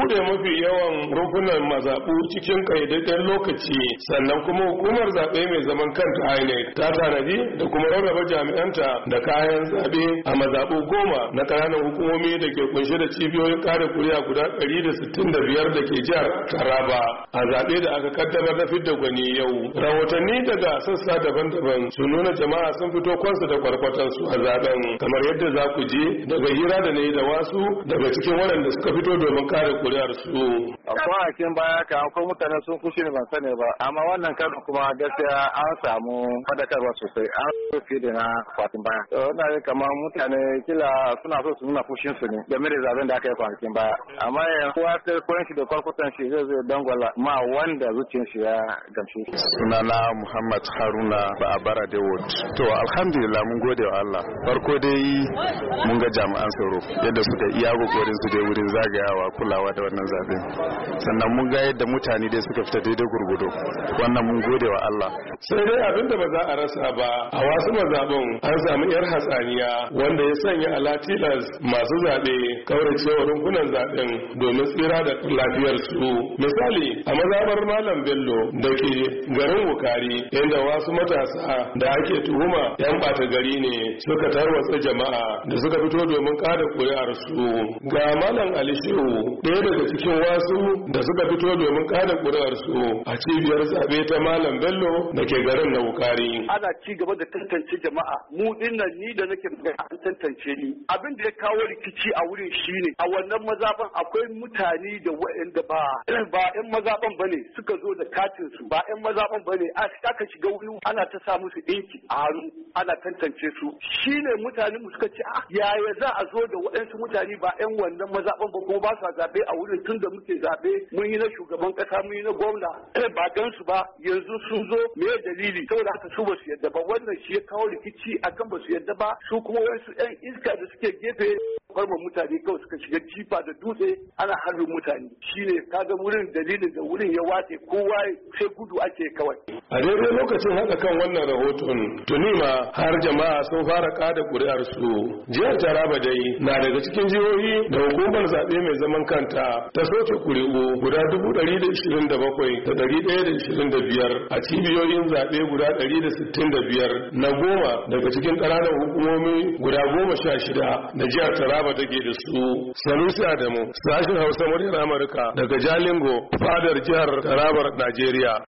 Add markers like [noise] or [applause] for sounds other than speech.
bude mafi yawan rukunan mazaɓu cikin ƙayyadaddiyar lokaci sannan kuma hukumar zaɓe mai zaman kanta INEC ta tanadi da kuma rarraba jami'anta da kayan zaɓe a mazaɓu goma na ƙananan hukumomi da ke kunshe da cibiyoyin kare kuriya guda ɗari da sittin da da biyar ke jihar Taraba a zaɓe da aka kaddamar na fidda gwani yau rahotanni daga sassa daban-daban sun nuna jama'a sun fito kwansu da kwarkwatansu a zaɓen kamar yadda za ku je daga hira da na yi da wasu daga cikin waɗanda suka fito domin kare kuri'a kuri'ar su a kwanakin baya ka akwai mutane sun kushe ban sani ba amma wannan karo kuma gaskiya an samu fadakarwa sosai an fiye da na fatin baya. To ina ga kama mutane kila suna so su nuna fushin su ne game da zaben da aka yi kwanakin baya. Amma yanzu kowa ta koyan shi da kwarkutan shi zai zai dangwala ma wanda zuciyar shi ya gamshe. Sunana Muhammad Haruna Ba'abara Dawud. To alhamdulillah mun gode wa Allah. Farko dai mun ga jami'an tsaro yadda suka iya kokarin su da wurin zagayawa kulawa da wannan zaben. Sannan mun ga yadda mutane dai suka fita daidai gurgudo. Wannan mun gode wa Allah. Sai dai abinda ba za a rasa ba a masu mazaɓin an samu yar hatsaniya wanda ya sanya alatilas masu zaɓe kauracewa rungunan zaɓen domin tsira da lafiyarsu misali a mazabar malam bello da ke garin wukari inda wasu matasa da ake tuhuma yan ɓata gari ne suka tarwatsa jama'a da suka fito domin kada ƙuri'arsu ga malam alishewu ɗaya daga cikin wasu da suka fito domin kada ƙuri'arsu a cibiyar zaɓe ta malam bello da ke garin na wukari ana ci gaba da tantance jama'a mu dinnan ni da nake magana an tantance ni abin da ya kawo rikici a wurin shine a wannan mazaban akwai mutane da waɗanda ba [clears throat] ba yan mazaban bane suka zo da katin su ba yan mazaban bane aka shiga wuri ana ta sa musu ɗinki a hannu ana tantance su shine mutane mu suka ce ah yaya za a zo da waɗansu mutane ba yan wannan mazaban ba kuma ba su zaɓe a wurin tun da muke zaɓe mun yi na shugaban ƙasa mun yi na gwamna [clears throat] ba gansu ba yanzu sun zo me dalili saboda haka su ba su yadda ba wannan shi kawo rikici akan ba su yadda ba su kuma wasu 'yan iska da suke gefe kwarma mutane kawai suka shiga jifa da dutse ana harbin mutane shine kaga wurin dalilin da wurin ya wace kowa sai gudu ake kawai a daidai lokacin haka kan wannan rahoton tuni ma har jama'a sun fara kada kuri'ar su jihar taraba dai na daga cikin jihohi da hukumar zaɓe mai zaman kanta ta soke kuri'u guda dubu ɗari da ishirin da bakwai da ɗari ɗaya da ishirin da biyar a cibiyoyin zaɓe guda ɗari da sittin da biyar na goma daga cikin ƙananan hukumomi guda goma sha shida da jihar taraba take da su sanusi adamu sashen hausa muryar amurka daga jalingo fadar jihar tarabar najeriya